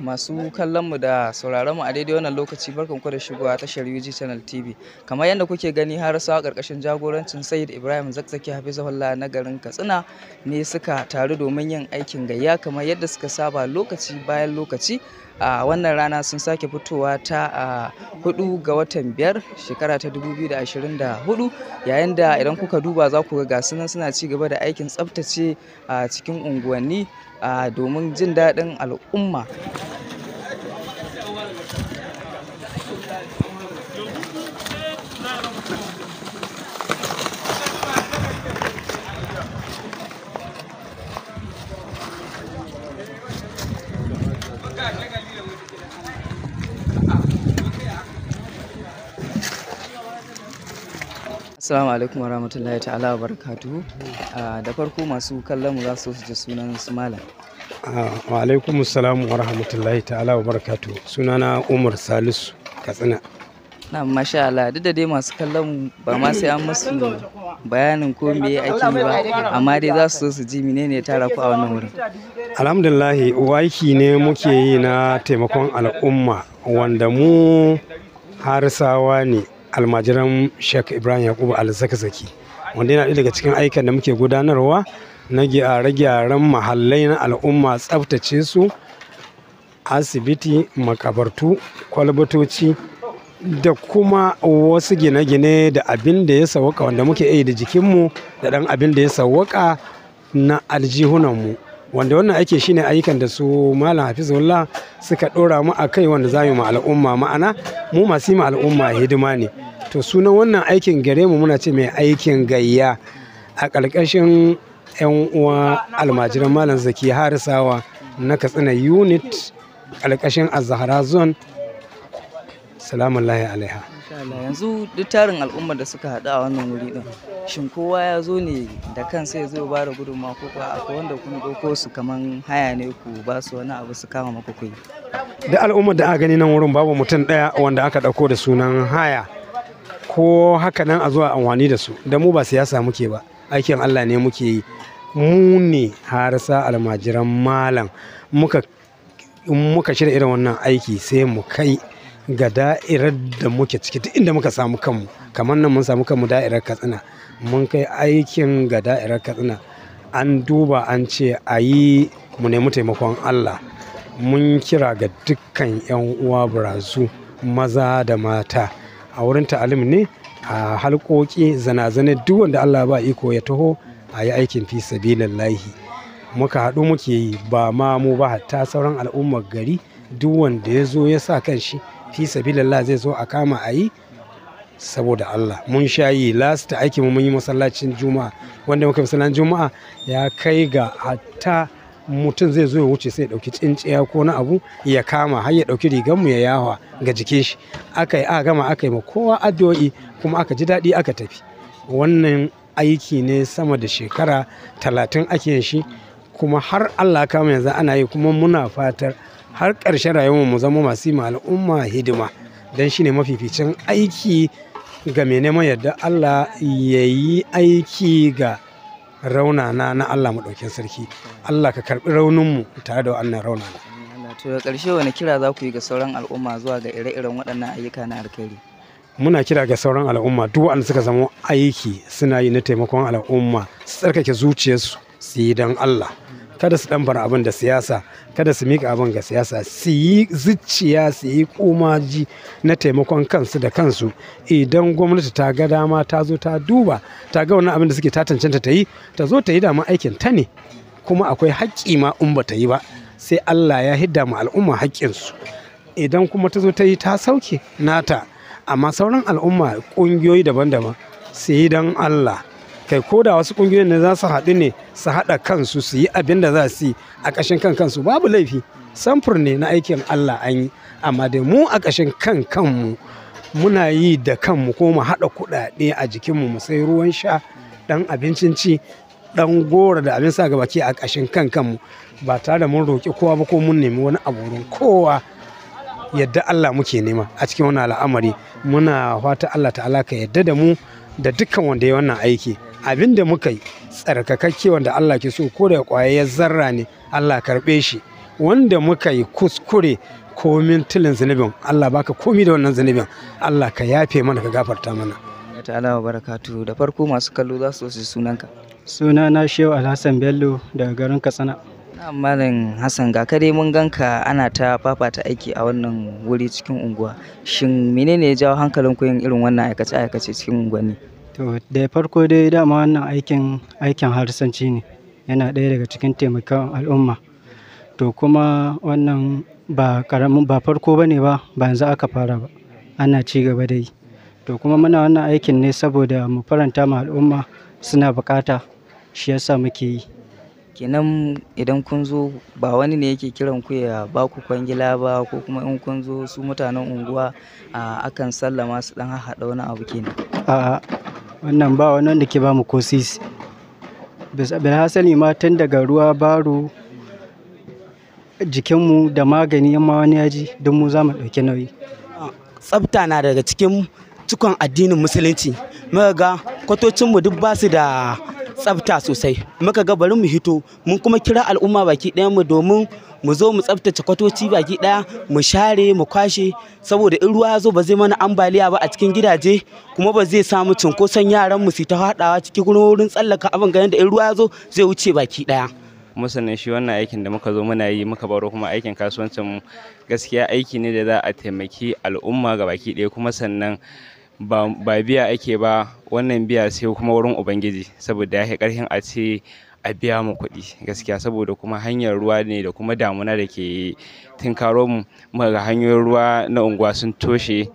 masu kallon mu da sauraron mu a daidai wannan lokaci barkan ku da shigowa tashar UG Channel TV kamar yadda kuke gani har sawa karkashin jagorancin Said Ibrahim Zakzaki Hafizahullah na garin Katsina ne suka taru domin yin aikin gayya kamar yadda suka saba lokaci bayan lokaci a wannan rana sun sake fitowa ta a hudu ga watan biyar shekara ta da 2024 yayin da idan kuka duba za ku ga gasu nan suna ci gaba da aikin tsaftace a cikin unguwanni domin jin daɗin al'umma Assalamu alaikum wa rahmatullahi ta'ala wa barakatuhu. Ah, da farko masu kallon mu za su ji sunan su malam. Ah, wa alaikum assalamu wa rahmatullahi ta'ala wa barakatuhu. Sunana Umar Salisu Katsina. Na masha Allah duk da dai masu kallon ba ma sai an musu bayanin ko me ake yi ba amma dai za su so su ji menene tara ku a wannan wurin. Alhamdulillah waiki ne muke yi na taimakon al'umma wanda mu harsawa ne almajiran Sheikh Ibrahim Yakubu Al-Zakzaki wanda yana daga cikin aikin da muke gudanarwa na gyare-gyaren mahallai na al'umma tsaftace su asibiti makabartu kwalbatoci da kuma wasu gine-gine da abin da ya sawaka wanda muke yi da jikinmu da ɗan abin da ya sawaka na aljihunanmu Wanda wannan aiki shine ayyukan da su Malam Hafizullah suka ɗora mu a kai wanda za mu al'umma ma'ana mu masu yi al'umma hidima ne. To sunan wannan aikin gare mu muna ce mai aikin gayya a ƙarƙashin 'yan uwa almajiran Malam Zaki Harisawa na Katsina unit ƙarƙashin Azahara zone. Salamun alaiha. Allah yanzu duk tarin al'ummar da suka haɗu a wannan wuri ɗin shin kowa ya zo ne da kansa ya zo ba da gudunma ko kuwa akwai wanda kun ɗauko su kaman haya ne ku ba su wani abu su kama maku kuyi da al'ummar da aka gani nan wurin babu mutum ɗaya wanda aka ɗauko da sunan haya ko haka nan a zuwa amfani da su da mu ba siyasa muke ba aikin Allah ne muke yi mu ne harsa almajiran malam muka muka shirya irin wannan aiki sai mu kai ga da'irar da muke ciki duk inda muka samu kanmu kamar nan mun samu kanmu da'irar katsina mun kai aikin ga da'irar katsina an duba an ce a yi mu nemi taimakon allah mun kira ga dukkan 'yan uwa burazu maza da mata a wurin ta'alim ne a halƙoƙi zana zana duk wanda allah ba iko ya taho a yi aikin fi sabilillahi muka haɗu muke yi ba ma mu ba hatta sauran al'ummar gari duk wanda ya zo ya sa kan shi fi sabilillah zai zo a kama a yi saboda Allah mun sha yi last aiki mu mun yi masallacin juma'a wanda muka masallacin juma'a ya kai ga hatta mutum zai zo ya wuce sai ya dauki tsinciya ko na abu ya kama har ya dauki rigar mu ya yawa ga jikin shi aka yi aka gama aka yi ma kowa addu'o'i kuma aka ji daɗi aka tafi wannan aiki ne sama da shekara talatin ake shi kuma har Allah kama yanzu ana yi kuma muna fatar har ƙarshen rayuwar mu zama masu ma al'umma hidima. don shi ne mafificin aiki ga mai neman yadda Allah ya yi aiki ga raunana na Allah Maɗaukin Sarki. Allah ka karɓi rauninmu tare da wannan raunana. To da ƙarshe wani kira za ku yi ga sauran al'umma zuwa ga ire-iren waɗannan ayyuka na alkhairi? Muna kira ga sauran al'umma duk waɗanda suka zama aiki suna yi na taimakon al'umma su tsarkake zuciyarsu su yi don Allah. Kada su ɗan bar abin da siyasa kada su mika abin ga siyasa su yi zuciya su yi komaji na taimakon kansu da kansu idan gwamnati ta ga dama ta zo ta duba ta ga wannan abin da suke ta ta yi ta zo ta yi dama aikin ta ne kuma akwai haƙƙi ma in ba ta yi ba sai Allah ya hidda ma al'umma haƙƙinsu idan kuma ta zo ta yi ta sauke nata amma sauran al'umma ƙungiyoyi daban-daban su yi don Allah kai ko da wasu kungiyoyin ne za su haɗu ne su haɗa kansu su yi abin da za su yi a ƙashin kan kansu babu laifi samfur ne na aikin Allah an yi amma da mu a ƙashin kan kanmu muna yi da kanmu ko mu haɗa kuɗaɗe a jikinmu mu sai ruwan sha ɗan abincin ci ɗan gora da abin sa gabaki a ƙashin kan kanmu ba tare da mun roƙi kowa ba ko mun nemi wani abu kowa yadda Allah muke nema a cikin wannan al'amari muna fata Allah ta'ala ka yadda da mu da dukkan wanda ya wannan aiki abin da muka yi tsarkakakke wanda Allah ke so ko da ya zarra ne Allah karɓe shi wanda muka yi kuskure komin tilin zunubin Allah baka komi da wannan zunubin Allah ka yafe mana ka gafarta mana ya ta'ala wa barakatu da farko masu kallo za su su sunanka suna na shehu alhassan bello daga garin katsina malam hassan ga kare mun ganka ana ta fafata aiki a wannan wuri cikin unguwa shin menene ya jawo hankalin yin irin wannan aikace aikace cikin unguwanni To, da farko dai dama wannan aikin, aikin harsanci ne. Yana ɗaya daga cikin taimakon al'umma. To kuma wannan ba karamin ba farko ne ba, ba yanzu aka fara ba. Ana ci gaba da yi. To kuma muna wannan aikin ne saboda mu faranta ma al'umma suna bukata shi yasa muke yi. Kenan idan kun zo ba wani ne yake kiran ku ya ba ku kwangila ba ko kuma in kun zo su mutanen unguwa, a akan sallama su ɗan haɗa wani abu kenan. A'a, wannan ba wani wanda ke ba mu ko sisi hasali ma tun daga ruwa baro jikinmu da magani ma wani yaji don mu za mu ɗauki nauyi tsafta na daga cikin cikon addinin musulunci Maka ga kwatocinmu duk ba su da tsafta sosai muka ga bari mu hito mun kuma kira al'umma baki ɗayanmu domin mu zo mu tsaftace kwatoci baki daya mu share mu kwashe saboda in ruwa zo ba zai mana ambaliya ba a cikin gidaje kuma ba zai samu cinkoson yaran mu su ta hadawa cikin wurin tsallaka abin ga yanda in ruwa zo zai wuce baki daya musanin shi wannan aikin da muka zo muna yi muka baro kuma aikin kasuwancin mu gaskiya aiki ne da za a taimaki al'umma ga baki daya kuma sannan ba biya ake ba wannan biya sai kuma wurin ubangiji saboda ya ƙarfin a ce a biya mu kuɗi gaskiya saboda kuma hanyar ruwa ne da kuma damuna da ke tunkaro mu ga hanyoyin ruwa na unguwa sun toshe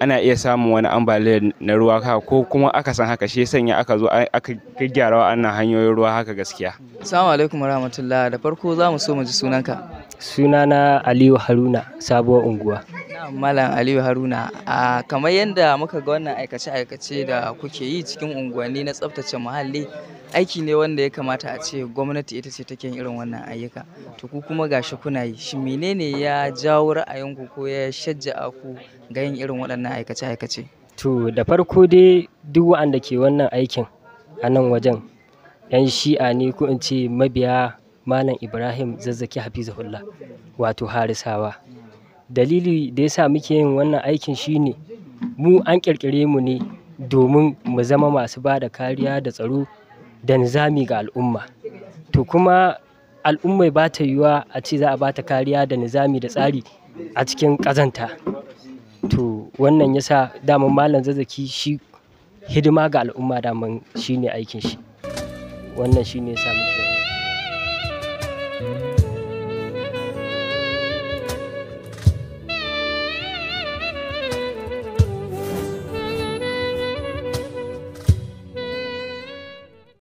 ana iya samun wani ambaliyar na ruwa ka ko kuma aka san haka shi sanya aka zo aka gyara wa'annan hanyoyin ruwa haka gaskiya. Assalamu alaikum warahmatullahi da farko za mu so mu ji sunanka. Sunana Aliyu Haruna, sabuwar unguwa. Malam Aliyu Haruna, a kamar yadda muka ga wannan aikace-aikace da kuke yi cikin unguwanni na tsaftace muhalli, aiki ne wanda ya kamata a ce gwamnati ita ce take irin wannan ayyuka. To ku kuma gashi kuna yi, shi menene ya jawo ra'ayinku ko ya a ku ga yin irin waɗannan aikace-aikace? To da farko dai duk waɗanda ke wannan aikin a nan wajen 'yan shi'a ne ko in ce mabiya Malam Ibrahim Zazzaki Hafizahullah wato Harisawa. Dalili da ya sa muke yin wannan aikin shine mu an ƙirƙire mu ne domin mu zama masu ba da kariya da tsaro da nizami ga al'umma. To kuma al'ummai ba ta yiwuwa a ce za a ba ta kariya da nizami da tsari a cikin ƙazanta. To wannan yasa daman Malam Zazzaki shi hidima ga al'umma daman shine aikin shi. Wannan shine sa muke. you